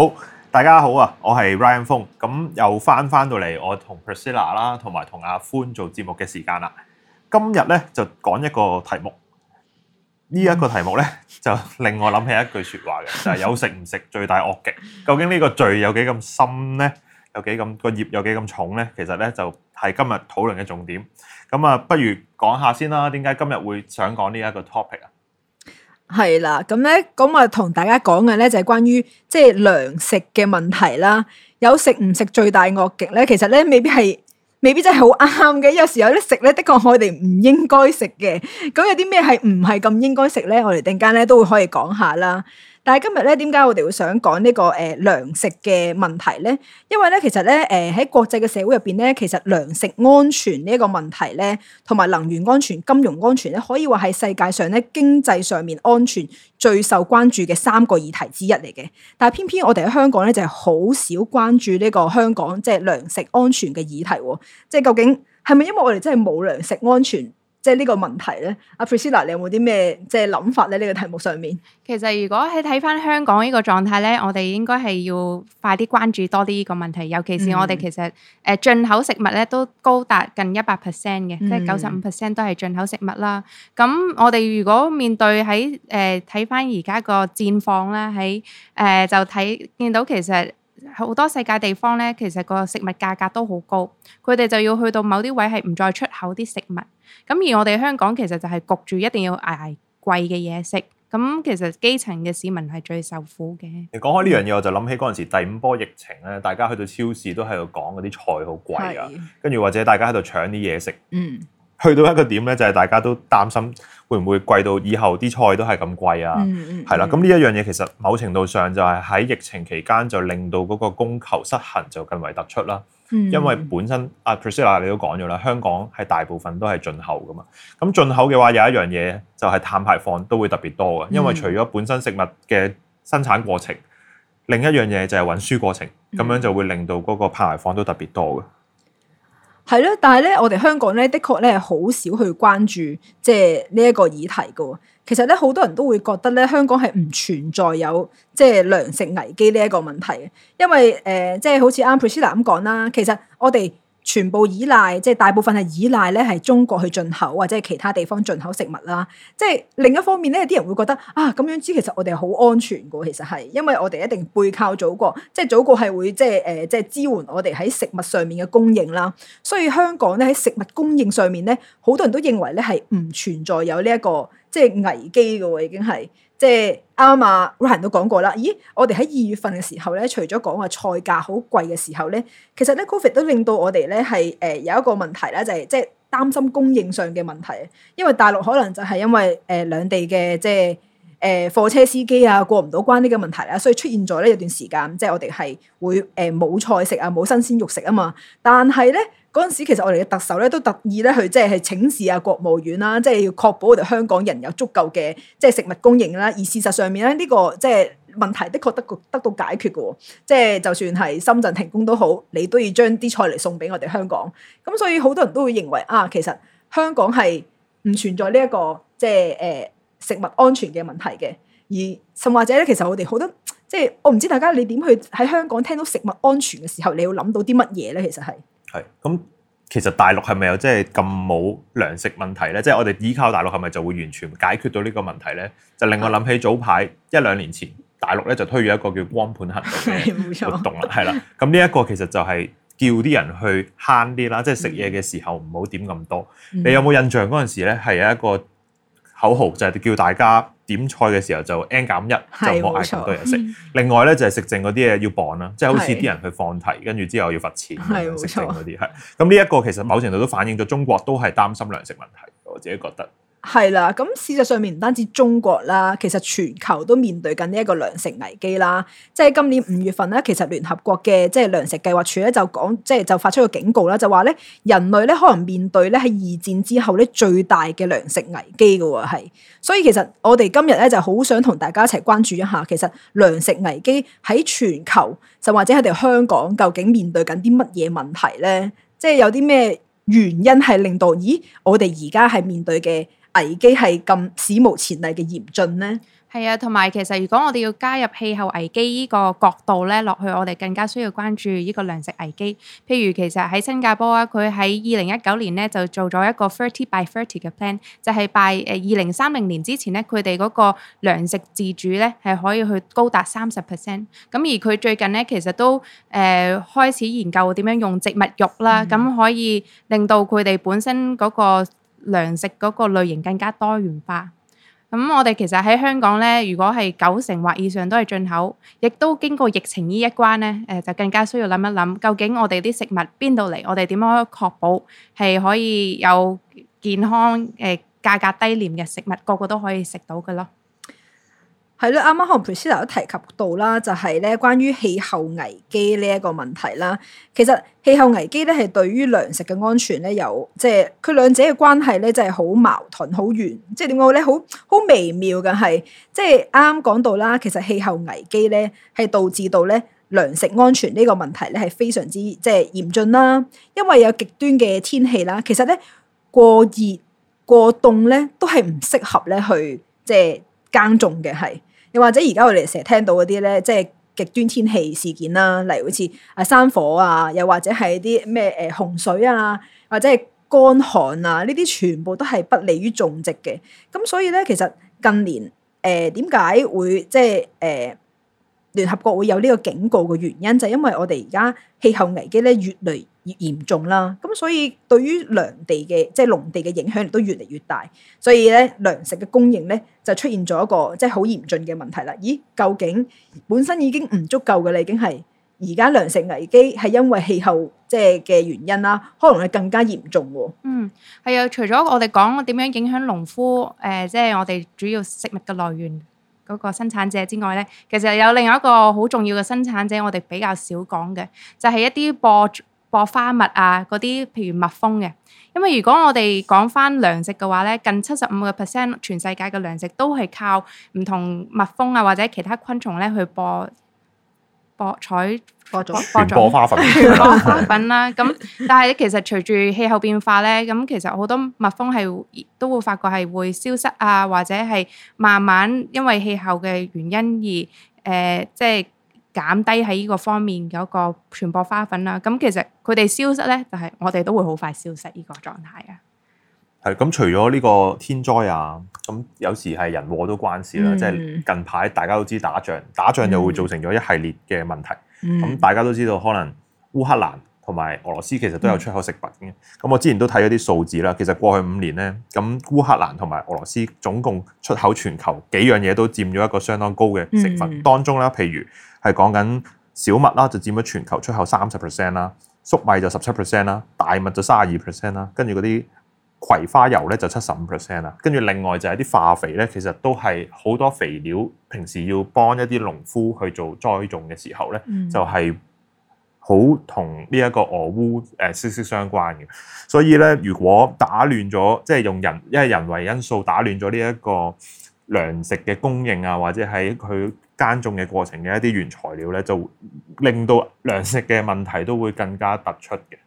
好，大家好啊！我係 Ryan Feng，咁又翻翻到嚟我同 Priscilla 啦，同埋同阿歡做節目嘅時間啦。今日咧就講一個題目，呢一個題目咧就令我諗起一句說話嘅，就係有食唔食罪大惡極？究竟呢個罪有幾咁深咧？有幾咁個業有幾咁重咧？其實咧就係今日討論嘅重點。咁啊，不如講下先啦。點解今日會想講呢一個 topic 啊？係啦，咁咧，咁啊，同大家講嘅咧就係關於即係糧食嘅問題啦。有食唔食最大惡極咧？其實咧，未必係，未必真係好啱嘅。有時有啲食咧，的確我哋唔應該食嘅。咁有啲咩係唔係咁應該食咧？我哋陣間咧都會可以講下啦。但係今日咧，點解我哋會想講呢、這個誒糧、呃、食嘅問題咧？因為咧，其實咧，誒、呃、喺國際嘅社會入邊咧，其實糧食安全呢一個問題咧，同埋能源安全、金融安全咧，可以話係世界上咧經濟上面安全最受關注嘅三個議題之一嚟嘅。但係偏偏我哋喺香港咧，就係、是、好少關注呢個香港即係糧食安全嘅議題、哦，即、就、係、是、究竟係咪因為我哋真係冇糧食安全？即係呢個問題咧，阿 Priscilla 你有冇啲咩即係諗法咧？呢、這個題目上面，其實如果喺睇翻香港呢個狀態咧，我哋應該係要快啲關注多啲呢個問題。尤其是我哋其實誒進、嗯呃、口食物咧都高達近一百 percent 嘅，嗯、即係九十五 percent 都係進口食物啦。咁我哋如果面對喺誒睇翻而家個戰況啦，喺誒、呃、就睇見到其實。好多世界地方咧，其實個食物價格都好高，佢哋就要去到某啲位係唔再出口啲食物。咁而我哋香港其實就係焗住一定要捱貴嘅嘢食。咁其實基層嘅市民係最受苦嘅。你、嗯、講開呢樣嘢，我就諗起嗰陣時第五波疫情咧，大家去到超市都喺度講嗰啲菜好貴啊，的跟住或者大家喺度搶啲嘢食。嗯。去到一個點咧，就係、是、大家都擔心會唔會貴到以後啲菜都係咁貴啊？係啦、嗯，咁呢一樣嘢其實某程度上就係喺疫情期間就令到嗰個供求失衡就更為突出啦。嗯、因為本身阿、啊、Priscilla 你都講咗啦，香港係大部分都係進口噶嘛。咁進口嘅話有一樣嘢就係碳排放都會特別多嘅，因為除咗本身食物嘅生產過程，嗯、另一樣嘢就係運輸過程，咁、嗯、樣就會令到嗰個排，排放都特別多嘅。係咯，但係咧，我哋香港咧的確咧係好少去關注，即係呢一個議題噶。其實咧，好多人都會覺得咧，香港係唔存在有即係糧食危機呢一個問題嘅。因為誒，即、呃、係、就是、好似啱 Priscilla 咁講啦，其實我哋。全部依賴，即係大部分係依賴咧，係中國去進口或者係其他地方進口食物啦。即係另一方面咧，有啲人會覺得啊，咁樣子其實我哋好安全嘅。其實係因為我哋一定背靠祖國，即係祖國係會即係誒即係支援我哋喺食物上面嘅供應啦。所以香港咧喺食物供應上面咧，好多人都認為咧係唔存在有呢一個。即係危機㗎喎，已經係即係啱啱啊，Ryan 都講過啦。咦，我哋喺二月份嘅時候咧，除咗講話菜價好貴嘅時候咧，其實咧 COVID 都令到我哋咧係誒有一個問題啦，就係即係擔心供應上嘅問題。因為大陸可能就係因為誒兩地嘅即係誒貨車司機啊過唔到關呢個問題啦，所以出現咗呢一段時間，即係我哋係會誒冇菜食啊，冇新鮮肉食啊嘛。但係咧。嗰陣時，其實我哋嘅特首咧都特意咧去即係請示下國務院啦，即係要確保我哋香港人有足夠嘅即係食物供應啦。而事實上面咧，呢個即係問題的確得到得到解決嘅喎。即係就算係深圳停工都好，你都要將啲菜嚟送俾我哋香港。咁所以好多人都會認為啊，其實香港係唔存在呢一個即係誒食物安全嘅問題嘅。而甚或者咧，其實我哋好多即係我唔知大家你點去喺香港聽到食物安全嘅時候，你要諗到啲乜嘢咧？其實係。係，咁其實大陸係咪有即係咁冇糧食問題咧？即、就、係、係、我哋依靠大陸係咪就會完全解決到呢個問題咧？就令我諗起早排、啊、一兩年前大陸咧就推咗一個叫光盤行動嘅活動啦，係啦。 咁呢一個其實就係叫啲人去慳啲啦，即係食嘢嘅時候唔好點咁多。你有冇印象嗰陣時咧係有一個？口號就係叫大家點菜嘅時候就 N 減一，1, 的就冇嗌咁多人食，的另外咧就係食剩嗰啲嘢要磅啦，即係的好似啲人去放題，跟住之後要罰錢食的剩嗰啲。係，咁呢一個其實某程度都反映咗中國都係擔心糧食問題。我自己覺得。係啦，咁事實上面唔單止中國啦，其實全球都面對緊呢一個糧食危機啦。即係今年五月份咧，其實聯合國嘅即係糧食計劃署咧就講，即係就，就發出個警告啦，就話咧人類咧可能面對咧喺二戰之後咧最大嘅糧食危機㗎喎係。所以其實我哋今日咧就好想同大家一齊關注一下，其實糧食危機喺全球，就或者喺我哋香港究竟面對緊啲乜嘢問題咧？即係有啲咩原因係令到，咦我哋而家係面對嘅？危機係咁史無前例嘅嚴峻呢？係啊，同埋其實如果我哋要加入氣候危機呢個角度咧落去，我哋更加需要關注呢個糧食危機。譬如其實喺新加坡啊，佢喺二零一九年咧就做咗一個 thirty by thirty 嘅 plan，就係拜誒二零三零年之前咧，佢哋嗰個糧食自主咧係可以去高達三十 percent。咁而佢最近咧其實都誒、呃、開始研究點樣用植物肉啦，咁、嗯、可以令到佢哋本身嗰、嗰個。糧食嗰個類型更加多元化，咁、嗯、我哋其實喺香港呢，如果係九成或以上都係進口，亦都經過疫情呢一關呢，誒、呃、就更加需要諗一諗，究竟我哋啲食物邊度嚟，我哋點樣可以確保係可以有健康、誒、呃、價格低廉嘅食物，個個都可以食到㗎囉。係啦，啱啱何佩斯娜都提及到啦，就係咧關於氣候危機呢一個問題啦。其實氣候危機咧係對於糧食嘅安全咧有，即係佢兩者嘅關係咧真係好矛盾，好懸，即係點講咧好好微妙嘅係。即係啱啱講到啦，其實氣候危機咧係導致到咧糧食安全呢個問題咧係非常之即係嚴峻啦。因為有極端嘅天氣啦，其實咧過熱、過凍咧都係唔適合咧去即係。耕種嘅係，又或者而家我哋成日聽到嗰啲咧，即係極端天氣事件啦，例如好似啊山火啊，又或者係啲咩誒洪水啊，或者係乾旱啊，呢啲全部都係不利於種植嘅。咁所以咧，其實近年誒點解會即係誒、呃、聯合國會有呢個警告嘅原因，就係、因為我哋而家氣候危機咧越嚟。越嚴重啦，咁所以對於糧地嘅即係農地嘅影響都越嚟越大，所以咧糧食嘅供應咧就出現咗一個即係好嚴峻嘅問題啦。咦，究竟本身已經唔足夠嘅啦，已經係而家糧食危機係因為氣候即係嘅原因啦，可能係更加嚴重喎。嗯，係啊，除咗我哋講點樣影響農夫誒，即係我哋主要食物嘅來源嗰個生產者之外咧，其實有另外一個好重要嘅生產者，我哋比較少講嘅，就係一啲播。播花蜜啊，嗰啲譬如蜜蜂嘅，因為如果我哋講翻糧食嘅話咧，近七十五個 percent 全世界嘅糧食都係靠唔同蜜蜂啊或者其他昆蟲咧去播播採，播種，播花粉啦。 咁 但係其實隨住氣候變化咧，咁其實好多蜜蜂係都會發覺係會消失啊，或者係慢慢因為氣候嘅原因而，誒、呃，即係。減低喺呢個方面嗰個傳播花粉啦，咁其實佢哋消失咧，就係我哋都會好快消失呢個狀態啊。係咁，除咗呢個天災啊，咁有時係人禍都關事啦。即係、嗯、近排大家都知打仗，打仗又會造成咗一系列嘅問題。咁、嗯、大家都知道，可能烏克蘭。同埋俄羅斯其實都有出口食品嘅、嗯，咁我之前都睇咗啲數字啦。其實過去五年咧，咁烏克蘭同埋俄羅斯總共出口全球幾樣嘢都佔咗一個相當高嘅成分。當中啦，譬如係講緊小麥啦，就佔咗全球出口三十 percent 啦，粟米就十七 percent 啦，大麥就三十二 percent 啦，跟住嗰啲葵花油咧就七十五 percent 啦。跟住另外就係啲化肥咧，其實都係好多肥料，平時要幫一啲農夫去做栽種嘅時候咧，嗯、就係、是。好同呢一個俄烏誒息息相關嘅，所以咧，如果打亂咗，即係用人，因為人為因素打亂咗呢一個糧食嘅供應啊，或者係佢耕種嘅過程嘅一啲原材料咧，就令到糧食嘅問題都會更加突出嘅。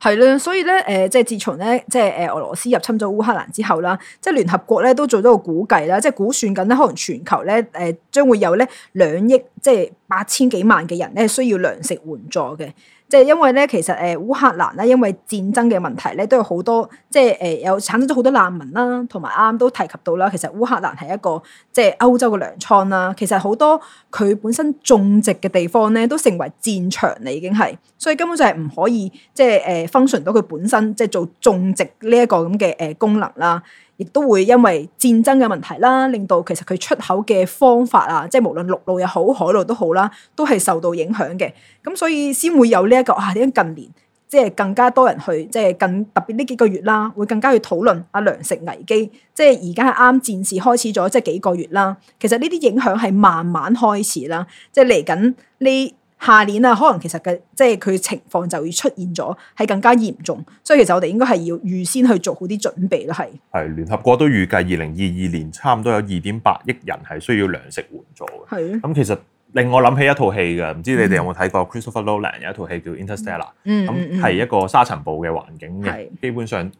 係啦，所以咧，誒、呃，即係自從咧，即係誒，俄羅斯入侵咗烏克蘭之後啦，即係聯合國咧都做咗個估計啦，即係估算緊咧，可能全球咧，誒、呃，將會有咧兩億，即係八千幾萬嘅人咧需要糧食援助嘅。即係因為咧，其實誒烏克蘭咧，因為戰爭嘅問題咧，都有好多即係誒有產生咗好多難民啦，同埋啱啱都提及到啦。其實烏克蘭係一個即係歐洲嘅糧倉啦，其實好多佢本身種植嘅地方咧，都成為戰場嚟，已經係，所以根本就係唔可以即係誒 function 到佢本身即係做種植呢一個咁嘅誒功能啦。亦都會因為戰爭嘅問題啦，令到其實佢出口嘅方法啊，即係無論陸路又好、海路都好啦，都係受到影響嘅。咁所以先會有呢、這、一個啊，點解近年即係更加多人去，即係更特別呢幾個月啦，會更加去討論阿糧食危機。即係而家係啱戰事開始咗，即係幾個月啦。其實呢啲影響係慢慢開始啦，即係嚟緊呢。下年啊，可能其實嘅即係佢情況就會出現咗，係更加嚴重，所以其實我哋應該係要預先去做好啲準備咯，係。係聯合國都預計二零二二年差唔多有二點八億人係需要糧食援助嘅。係是。咁其實令我諗起一套戲嘅，唔知你哋有冇睇過 Christopher Nolan、oh、有一套戲叫 Interstellar，咁係一個沙塵暴嘅環境嘅，是基本上。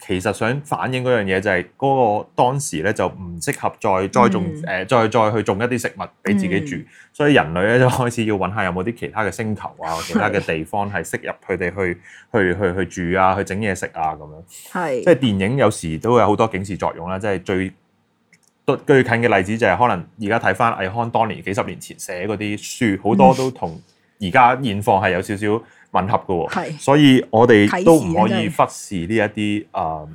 其實想反映嗰樣嘢就係嗰個當時咧就唔適合再栽種誒，嗯、再再去種一啲食物俾自己住，嗯、所以人類咧就開始要揾下有冇啲其他嘅星球啊，是其他嘅地方係適合佢哋去去去去住啊，去整嘢食啊咁樣。係是，即係電影有時都會有好多警示作用啦，即、就、係、是、最最近嘅例子就係可能而家睇翻倪匡當年幾十年前寫嗰啲書，好、嗯、多都同而家現況係有少少。吻合嘅喎，是所以我哋都唔可以忽視呢一啲誒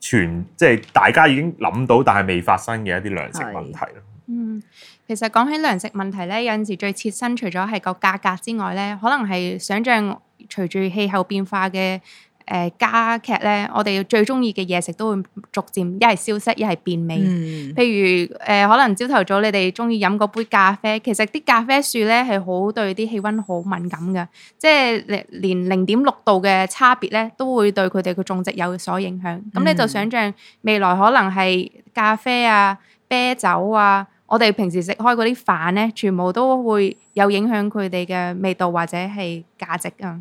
全，即係大家已經諗到但係未發生嘅一啲糧食問題咯。嗯，其實講起糧食問題呢，有陣時最切身除咗係個價格之外呢，可能係想像隨住氣候變化嘅。誒加、呃、劇咧，我哋最中意嘅嘢食都會逐漸一係消失，一係變味。嗯、譬如誒、呃，可能朝頭早你哋中意飲嗰杯咖啡，其實啲咖啡樹咧係好對啲氣温好敏感㗎，即係連零點六度嘅差別咧都會對佢哋嘅種植有所影響。咁、嗯、你就想像未來可能係咖啡啊、啤酒啊，我哋平時食開嗰啲飯咧，全部都會有影響佢哋嘅味道或者係價值啊。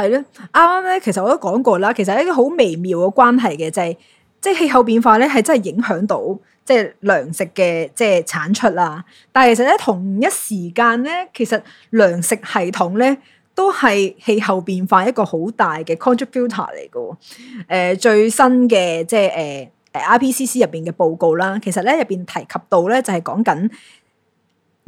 係咧，啱啱咧，其實我都講過啦，其實一個好微妙嘅關係嘅就係，即係氣候變化咧，係真係影響到即係糧食嘅即係產出啦。但係其實咧，同一時間咧，其實糧食系統咧都係氣候變化一個好大嘅 contributor 嚟嘅。誒、呃，最新嘅即係誒誒 IPCC 入邊嘅報告啦，其實咧入邊提及到咧就係講緊。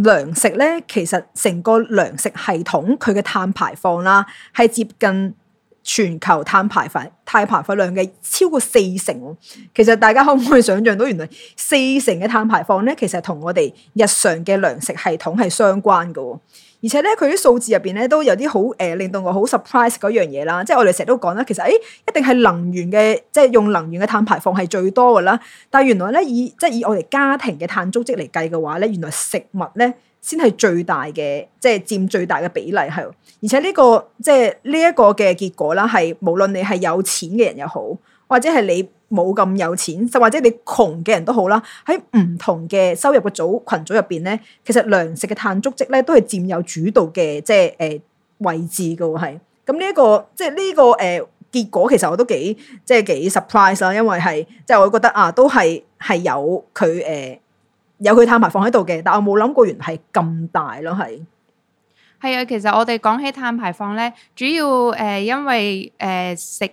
糧食咧，其實成個糧食系統佢嘅碳排放啦，係接近全球碳排放、碳排放量嘅超過四成。其實大家可唔可以想象到，原來四成嘅碳排放咧，其實同我哋日常嘅糧食系統係相關㗎喎。而且咧，佢啲數字入邊咧都有啲好誒，令到我好 surprise 嗰樣嘢啦。即係我哋成日都講啦，其實誒、欸、一定係能源嘅，即係用能源嘅碳排放係最多㗎啦。但係原來咧，以即係以我哋家庭嘅碳足跡嚟計嘅話咧，原來食物咧先係最大嘅，即係佔最大嘅比例係。而且呢、呢個即係呢一個嘅結果啦，係無論你係有錢嘅人又好。或者係你冇咁有錢，就或者你窮嘅人都好啦。喺唔同嘅收入嘅組群組入邊咧，其實糧食嘅碳足跡咧都係佔有主導嘅，即係誒位置㗎喎。係咁呢一個，即係、這、呢個誒、呃、結果其、就是啊呃，其實我都幾即係幾 surprise 啦。因為係即係我覺得啊，都係係有佢誒有佢碳排放喺度嘅，但我冇諗過原來係咁大咯。係係啊，其實我哋講起碳排放咧，主要誒因為誒、呃、食。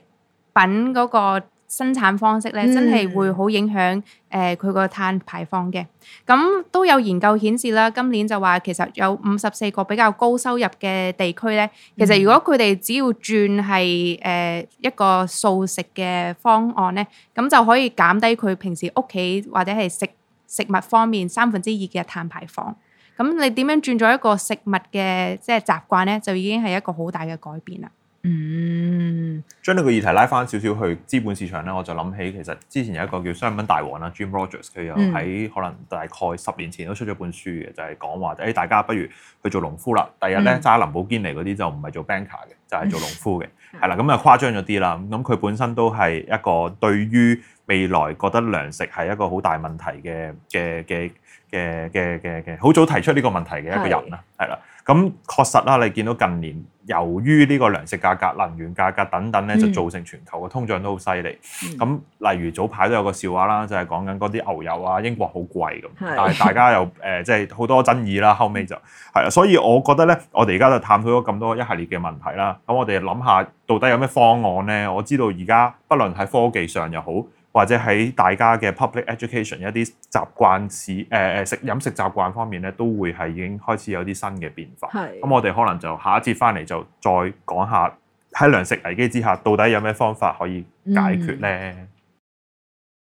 品嗰個生產方式咧，嗯、真係會好影響誒佢個碳排放嘅。咁都有研究顯示啦，今年就話其實有五十四個比較高收入嘅地區咧，嗯、其實如果佢哋只要轉係誒、呃、一個素食嘅方案咧，咁就可以減低佢平時屋企或者係食食物方面三分之二嘅碳排放。咁你點樣轉咗一個食物嘅即係習慣咧，就已經係一個好大嘅改變啦。嗯，將呢個議題拉翻少少去資本市場咧，我就諗起其實之前有一個叫商品大王啦，Jim Rogers，佢又喺可能大概十年前都出咗本書嘅，嗯、就係講話誒，大家不如去做農夫啦。第日咧揸林寶堅尼嗰啲就唔係做 banker 嘅，就係、是、做農夫嘅。係啦、嗯，咁啊誇張咗啲啦。咁佢本身都係一個對於未來覺得糧食係一個好大問題嘅嘅嘅嘅嘅嘅好早提出呢個問題嘅一個人啦。係啦的。咁確實啦，你見到近年由於呢個糧食價格、能源價格等等咧，就造成全球嘅通脹都好犀利。咁、嗯、例如早排都有個笑話啦，就係講緊嗰啲牛油啊，英國好貴咁，的但係大家又誒即係好多爭議啦。後尾就係啦，所以我覺得咧，我哋而家就探討咗咁多一系列嘅問題啦。咁我哋諗下到底有咩方案咧？我知道而家不論喺科技上又好。或者喺大家嘅 public education 一啲習慣，食誒誒食飲食習慣方面咧，都會係已經開始有啲新嘅變化。係咁是，我哋可能就下一節翻嚟就再講下喺糧食危機之下，到底有咩方法可以解決咧？嗯